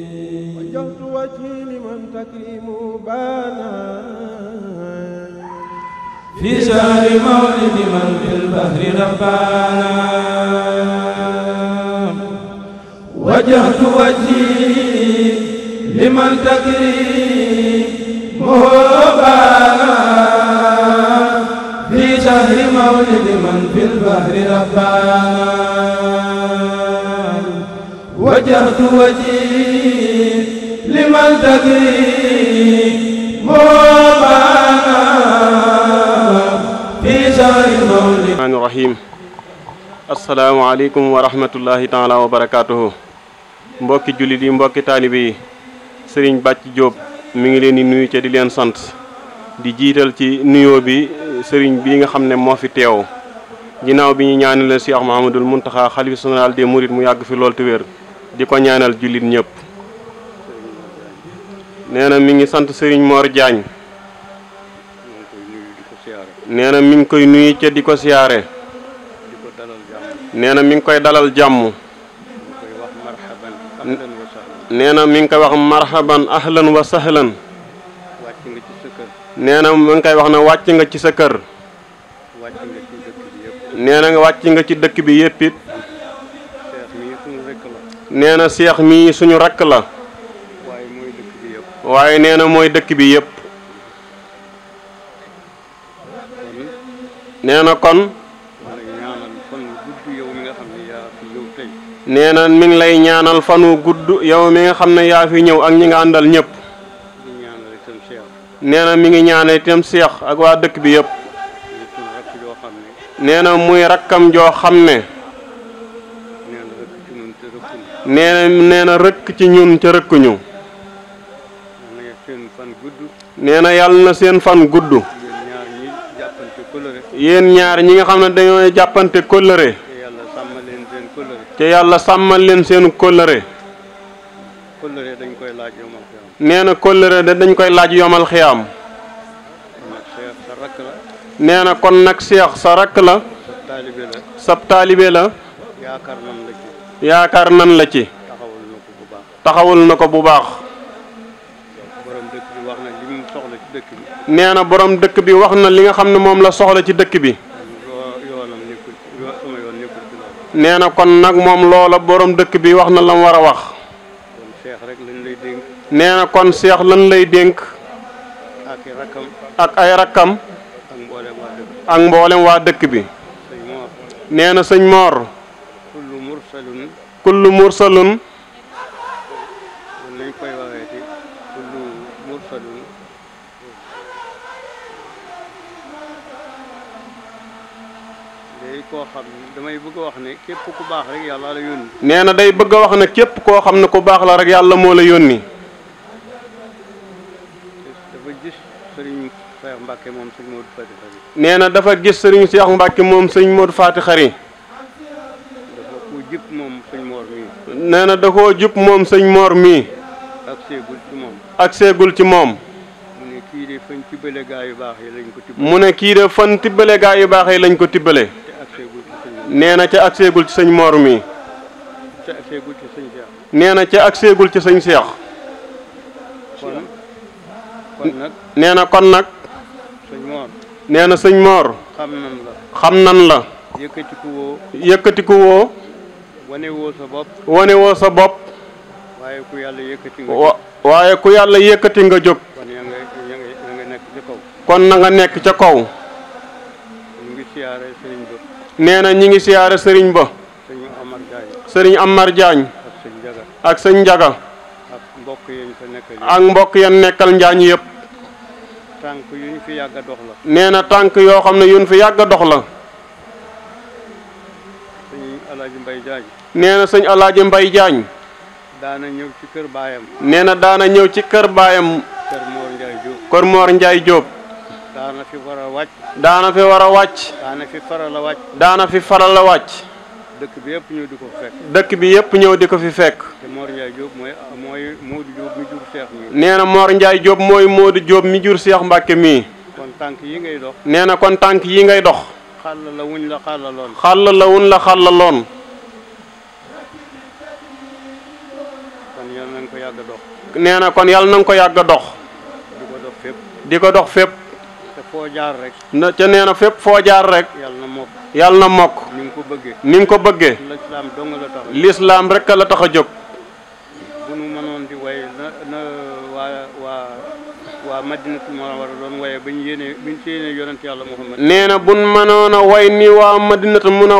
وجهت وجهي لمن تكريم بانا في شهر مولد من في البحر ربانا وجهت وجهي لمن تكريم بانا في شهر مولد من في البحر ربانا وجهت وجهي liman taqi rahmaani rahim asalaamaaleykum wa rahmatullahi taala wa barakaatuhu mbokki jullit yi mbokki taalibe yi sëriñ Bàcc Jóob mu ngi leen di nuyu ca di leen sant di jiital ci nuyoo bi sëriñ bii nga xam ne moo fi teew ginnaaw bi ñu ñaanal Cheikh Mahamadul Muntaxa xalifa général des mourides mu yàgg fi lool te wér di ko ñaanal jullit ñépp nee na mi ngi sant Serigne Mor Diagne. nee na mi ngi koy nuyu ca di ko siyaare. nee na mi ngi koy dalal jàmm. nee na mi ngi koy wax marhaban ahlan wa sahlan. nee na mi ngi koy wax na wàcc nga ci sa kër. nee na nga wàcc nga ci dëkk bi yépp it. nee seex mii suñu rakk la. waaye nee na mooy dëkk bi yépp nee na kon nee na mi ngi lay ñaanal fan wu gudd yow mi nga xam ne yaa fi ñëw ak ñi nga àndal ñëpp nee na mi ngi ñaanal itam seex ak waa dëkk bi yëpp nee na muy rakkam joo xam ne nee na nee na rëkk ci ñun ca rëkkuñu nee na yàlla na seen fan gudd. yéen ñaar ñi nga xam ne dañoo jàppante kóllëre. te yàlla sàmmal leen seen kóllëre. nee na kóllëre da dañ koy laaj yomal xiyaam. nee na kon nag seex sa rakk la. sab taalibe la. yaakaar nan la yaakaar nan la ci. taxawul na ko bu baax. nee na boroom dëkk bi wax na li nga xam ne moom la soxla ci dëkk bi. nee na kon nag moom loola boroom dëkk bi wax na la war a wax. nee na kon seex lan lay dénk. ak ay rakkam. ak mboolem waa dëkk bi. nee na sëñ Moor. kullu mursalun. koo xam ne damay bëgg wax ne képp ku baax rek yàlla la yónni. nee na day bëgg wax na képp koo xam ne ku baax la rek yàlla moo la yónni. dafa gis moom sëñ Modou nee na dafa gis sëriñ Cheikh Mbacke moom sëñ Modou Fati Xari. dafa ko jub moom sëñ Mor nee na da koo jub moom sëñ Mor mii. ak seegul ci moom. ak mu ne kii de fan tibbale gaa yu baax yi lañ ko tibbale. nee na ca agseegul ci sëñ Mor mi. ca agseegul ci nee na ca agseegul ci sëñ Cheikh. kon kon nag. nee na kon nag. sëñ Mor. na sëñ Mor. xam nan la. xam nan la. yëkkatiku woo. yëkkatiku woo. sa bopp. waaye ku yàlla yëkkati nga jóg. ku yàlla yëkkati nga jóg. kon na nga nekk ca kaw. kon nekk ca kaw. nee na ñi ngi siyaare sëriñ ba sëriñ Amar Diagne ak sëñ Njaga ak mbokk yan nekkal njaañ yëpp tànk yuñ fi dox la nee na tànk yoo xam ne yuñ fi yàgg dox la sëñ Alaaji Mbay Diagne sëñ Alaaji Mbay jaañ daana ñëw ci kër baayam nee na daana ñëw ci kër baayam kër Moor Njaay Jóob kër Moor Njaay Jóob daana fi war a wàcc. daana fi war a wàcc. daana fi faral a wàcc. daana fi faral a wàcc. dëkk bi yëpp ñëw di ko fekk. dëkk bi yëpp ñëw di ko fi fekk. te Mor Ndiaye Diop mooy mooy Modou mi jur Cheikh mii. nee na Mor Ndiaye Diop mooy Modou Diop mi jur Cheikh Mbacke mii. kon tànk yi ngay dox. nee na kon tànk yi ngay dox. xàll la wuñ la xàllaloon. xàll la wuñ la xàllaloon. kon yal na ko yàgg a kon yal na nga ko yàgg dox. di ko dox fépp. di ko dox fépp. foo jaar rek. na ca nee na fépp foo jaar rek. yàlla na mokk yàlla na ko bëggee ni ko bëggee. lislaam dong la tax lislaam la tax a jóg. bu nu mënoon di way na waa waa waa Madinatul Munawwara a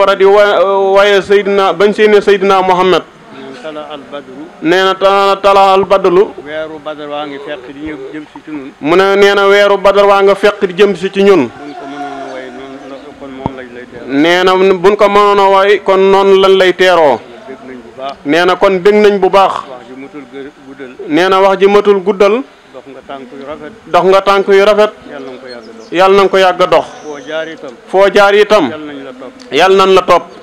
way di wa waye Seydina bañ seenee Seydina Muhammad. tala al badru nee na tala tala al badru weeru badar waa ngi fekk di ñëw jëm si ci ñun nee na weeru badar waa nga fekk jëm si ci ñun nee na buñ ko mënoon a way kon noonu lan lay teeroo nee na kon bég nañ bu baax nee na wax ji matul guddal dox nga tànk yu rafet dox nga tànk yu rafet yàlla na nga ko yàgg a dox foo jaar itam yàlla nañ la topp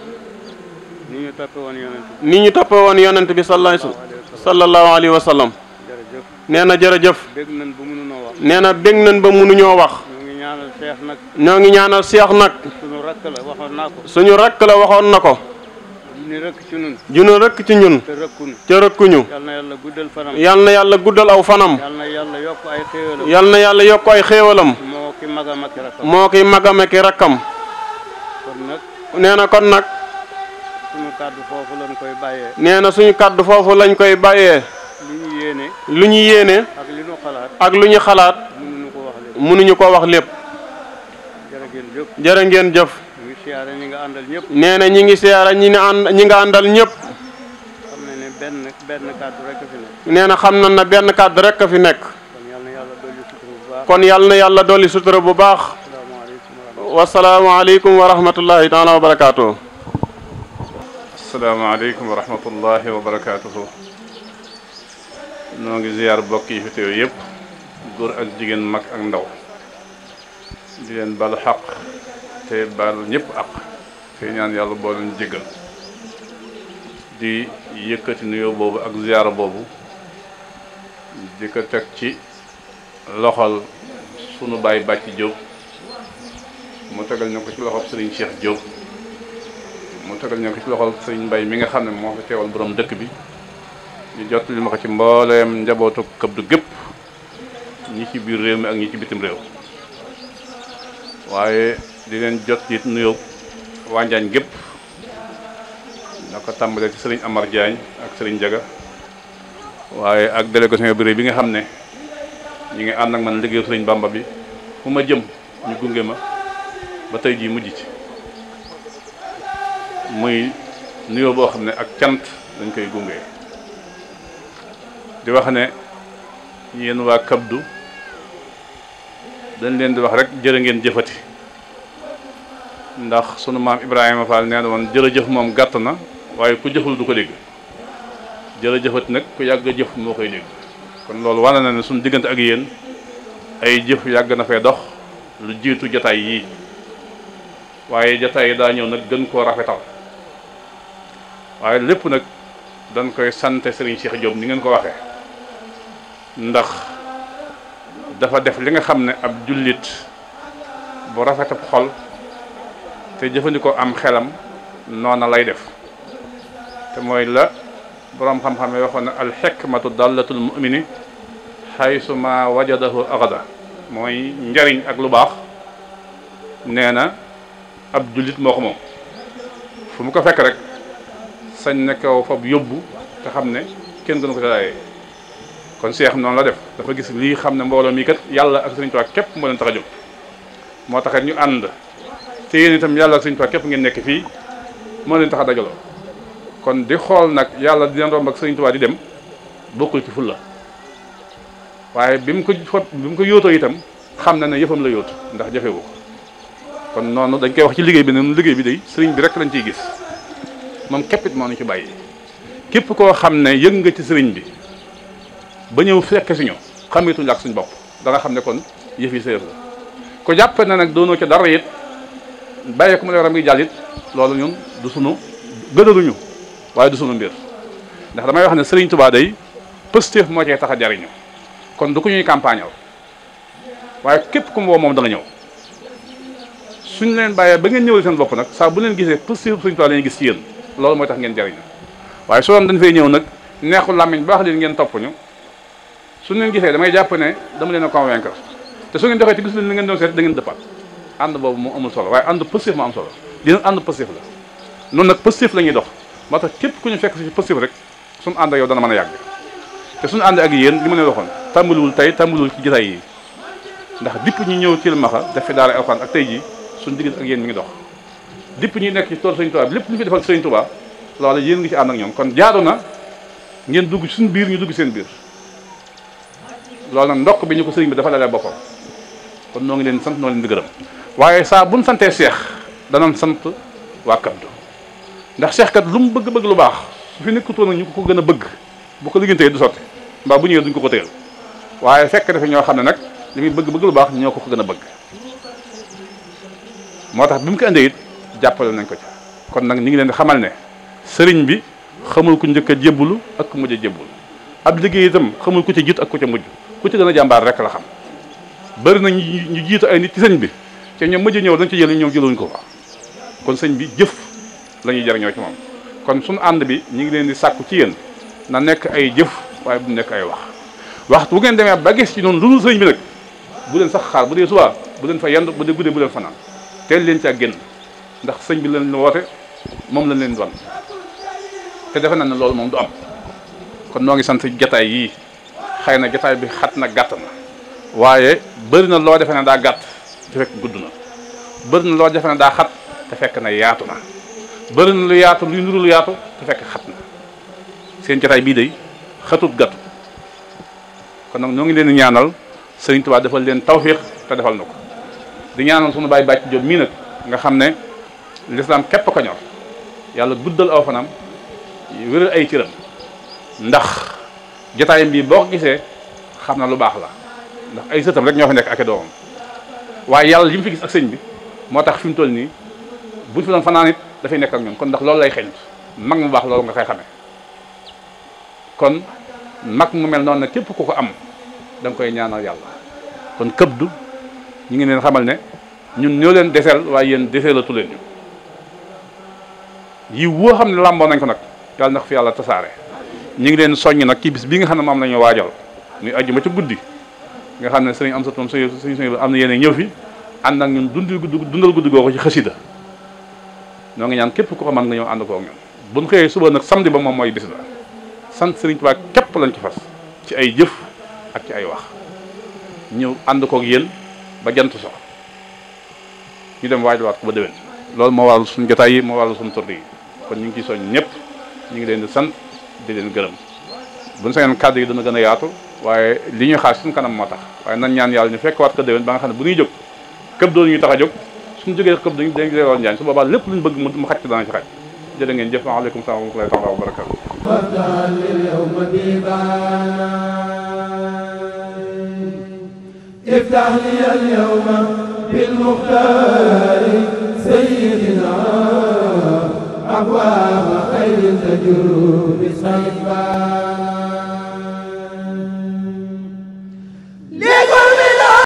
ñu toppe woon yonent bi ni ñu toppe woon yonent bi sallallahu alayhi wa sallam nee na jërëjëf nee na bég nañ ba ñoo wax ñoo ngi ñaanal seex nag suñu rakk na ko suñu rakk la waxoon na ko junu rëkk ci ñun ci ñun te rëkkuñu te rëkkuñu yal na yàlla guddal na yàlla guddal aw fanam yal na yàlla yokk ay xéewalam na yàlla yokk ay xéewalam moo ki magam ak rakkam ki rakkam kon kon nag kàddu foofu lañ koy bàyyee. nee na suñu kàddu foofu lañ koy bàyyee. lu ñu yéene. lu ñu yéene. ak lu ñu xalaat. ak lu ñu xalaat. mënuñu ko wax lépp mënuñu ko wax lépp. jërë ngeen jëf. jërë ngeen jëf. ngi siyaara ñi nga àndal ñëpp. nee na ñi ngi siyaara ñi ne ànd ñi nga àndal ñëpp. xam na ne benn benn kàddu rek fi nekk. nee na xam na ne benn kàddu rek a fi nekk. kon yàlla na yàlla dolli sutura bu baax. wasalaamaaleykum wa rahmatullahi taala wa barakaatu asalaamaaleykum wa rahmatullahi wa barakaatuhu noo ngi ziyaar bokk yi fi teew yëpp góor ak jigéen mag ak ndaw di leen balu xaq te balu ñëpp aq te ñaan yàlla boo leen jéggal di yëkkati nuyoo boobu ak ziyaara boobu di ko teg ci loxol sunu baay bàcc Diop mu tegal ñu ko ci loxol Serigne Cheikh Diop mu tegal ñoo ko ci loxol sëriñ mbay mi nga xam ne moo ko teewal borom dëkk bi ñu jot li ma ko ci mbooleem njabootu Kabdou gépp ñi ci biir réew mi ak ñi ci bitim réew waaye di leen jot it nuyoo waa Njaañ gépp na ko tàmbalee ci sëriñ Amar jaañ ak sëriñ Jaga waaye ak délégation bu réy bi nga xam ne ñi ngi ànd ak man liggéeyu sëriñ Bamba bi fu ma jëm ñu gunge ma ba tey jii mujj ci muy nuyoo boo xam ne ak cant dañ koy gunge di wax ne yéen waa kabdu dañ leen di wax rek jërë ngeen jëfati ndax sunu maam Ibrahima Fall nee na woon jërëjëf moom gàtt na waaye ku jëful du ko dégg jërëjëfati nag ku yàgg a jëf moo koy dégg kon loolu wane na ne suñu diggante ak yéen ay jëf yàgg na fee dox lu jiitu jataay yii waaye jataay yi daa ñëw nag gën koo rafetal waaye lépp nag dañ koy sant Serigne Cheikh Diop ni ngeen ko waxe ndax dafa def li nga xam ne ab jullit bu rafet ab xol te jëfandikoo am xelam noona lay def te mooy la boroom xam-xam yi waxoon ne alxikmatu dallatul mumini xaysu ma wajadahu axada mooy njariñ ak lu baax nee na ab jullit moo ko moom fu mu ko fekk rek sañ na ko fab yóbbu te xam ne kenn gënu ko dalaayee kon seex noonu la def dafa gis lii xam ne mbooloo mii kat yàlla ak Sëriñ Tuubaa képp moo leen tax a jóg moo tax ñu ànd te yéen yàlla ak Sëriñ képp ngeen nekk fii moo leen tax a dajaloo kon di xool nag yàlla di leen romb ak Sëriñ Tuubaa di dem bokkul ci la waaye bi mu ko bi mu ko yootoo itam xam na ne yëfam la yoot ndax jafewu kon noonu dañ koy wax ci liggéey bi ne liggéey bi day sëriñ bi rek lañ ciy gis moom képpit moo nu ci bàyyi képp koo xam ne yëg nga ci sëriñ bi ba ñëw fekk suñu xameetuñu ak suñu bopp da xam ne kon yëf yi séer ko jàpp na nag doonoo ci dara it bàyyi ma mu la yaram gi jàll it loolu ñun du sunu gënaluñu waaye du sunu mbir ndax damay wax ne sëriñ Tuubaa day pëstéef moo cee tax a jariñu kon du ko ñuy campagnal waaye képp ku mu woo moom da ñëw suñ leen bàyyee ba ngeen ñëwal seen bopp nag saa bu leen gisee pëstéef Sëriñ Tuubaa gis ci yéen loolu mooy tax ngeen jariñu waaye su doon dañ fay ñëw nag neexul làmmiñ baax leen ngeen topp ñu su leen gisee damay jàpp ne dama leen a convaincre te su ngeen doxee ci gis leen li ngeen doon seet da ngeen dëppaat ànd boobu moo amul solo waaye ànd positif moo am solo dina ànd positif la noonu nag positif la ñuy dox moo tax képp ku ñu fekk ci positif rek suñu ànd yow dana mën a yàgg te suñu ànd ak yéen li ma leen waxoon tàmbaliwul tey tàmbaliwul ci jotaay yi ndax dipp ñu ñëw Tilmaxa def fi daara alxuraan ak tey ji suñu diggante ak yéen mi ngi dox lépp ñuy nekk ci tool sëñ Tuubaa lépp lu fi defal sëñ Tuubaa loolu yéen ngi ci ànd ak ñoom kon jaadu na ngeen dugg suñu biir ñu dugg seen biir loolu nag ndokk bi ñu ko sëriñ bi dafa lalee boppam kon noo ngi leen sant noo leen di gërëm waaye saa buñ santee seex danañ sant waa Kabdu ndax seex lu mu bëgg-bëgg lu baax su fi nekkutoon nag ñu ko gën a bëgg boo ko liggéeyantee du sotti mbaa bu ñëwee duñ ko ko téyel waaye fekk na ñoo xam ne nag li muy bëgg-bëgg lu baax ñoo ko ko gën a bëgg moo tax bi mu ko jàppale nañ ko ci kon nag ñu ngi leen di xamal ne sëriñ bi xamul ku njëkk a ak ku mujj a jébbalu ab liggéey itam xamul ku ci jiitu ak ku ci mujj ku ci gën a jàmbaar rek la xam bëri na ñu jiitu ay nit ci sëñ bi te ñoom mujj ñëw dañ ci jël ñoom jëluñ ko fa kon sëñ bi jëf lañuy ñuy jariñoo ci moom kon sunu ànd bi ñu ngi leen di sàkku ci yéen na nekk ay jëf waaye bu nekk ay wax waxtu bu ngeen demee ba gis ci noonu lu dul sëñ bi nag bu leen sax xaar bu dee suba bu leen fa yend bu dee bu leen fanaan teel leen ci ak génn ndax sëñ bi lañ woote moom lañ leen wan te defe naa ne loolu moom du am kon noo ngi san sant jataay yii xëy na jataay bi xat na gàtt na waaye bëri na loo defe na daa gàtt te fekk gudd na bëri na loo defe ne daa xat te fekk na yaatu na bëri na lu yaatu lu nuru lu yaatu te fekk xat na seen jataay bii day xatut gàttu kon nag ñoo ngi leen di ñaanal Sëriñ Tuubaa defal leen tawféex te defal na ko di ñaanal sunu baay bàcc jot mii nag nga xam ne lislaam képp ko ñor yàlla guddal aw fanam wéral ay cëram ndax jataayam bii boo ko gisee xam na lu baax la ndax ay sëtam rek ñoo fa nekk ak doomam waaye yàlla li mu fi gis ak sëñ bi moo tax fi mu toll nii buñ fi doon fanaan dafay nekk ak ñoom kon ndax loolu lay xeeñ mag mu baax loolu nga koy xamee kon mag mu mel noonu nag képp ku ko am da koy ñaanal yàlla kon këbdu ñu ngi leen xamal ne ñun ñoo leen deseel waaye yéen deseelatu leen ñu yi woo xam ne làmboo nañ ko nag yàlla na fi yàlla tasaare ñu ngi leen soññ nag ci bis bi nga xam ne moom la ñu waajal muy ajjuma ca guddi nga xam ne sëriñ am sa toom sëriñ sëriñ am na yéen ñëw fi ànd ak ñun dundi gudd dundal guddi googu ci xasida noo ngi ñaan képp ku ko mën nga ñëw ànd koog ñun bu ñu xëyee suba nag samedi ba moom mooy bis la sant sëriñ Tuubaa képp lañ ci fas ci ay jëf ak ci ay wax ñëw ànd koog yéen ba jant sox ñu dem waajal waat ko ba déwén loolu moo waral suñu jotaay yi moo waral suñu tournée yi kon ñu ngi ciy soñ ñëpp ñu ngi leen di sant di leen gërëm buñ sa ngeen kàddu yi dana gën a yaatu waaye li ñuy xaar suñu kanam moo tax waaye nan ñaan yàlla ñu fekk waat ko déwén ba nga xam ne bu ñuy jóg këb doon ñu tax a jóg suñu jógee këb dañu dañ leeroon njaañ su boobaa lépp luñ bëgg mu xaj ci dana ci xaj jërë ngeen jëf maaleykum salaam wa rahmatullahi taala wa barakatu افتح لي اليوم بالمختار سيدنا أبواب خير تجر بصيبا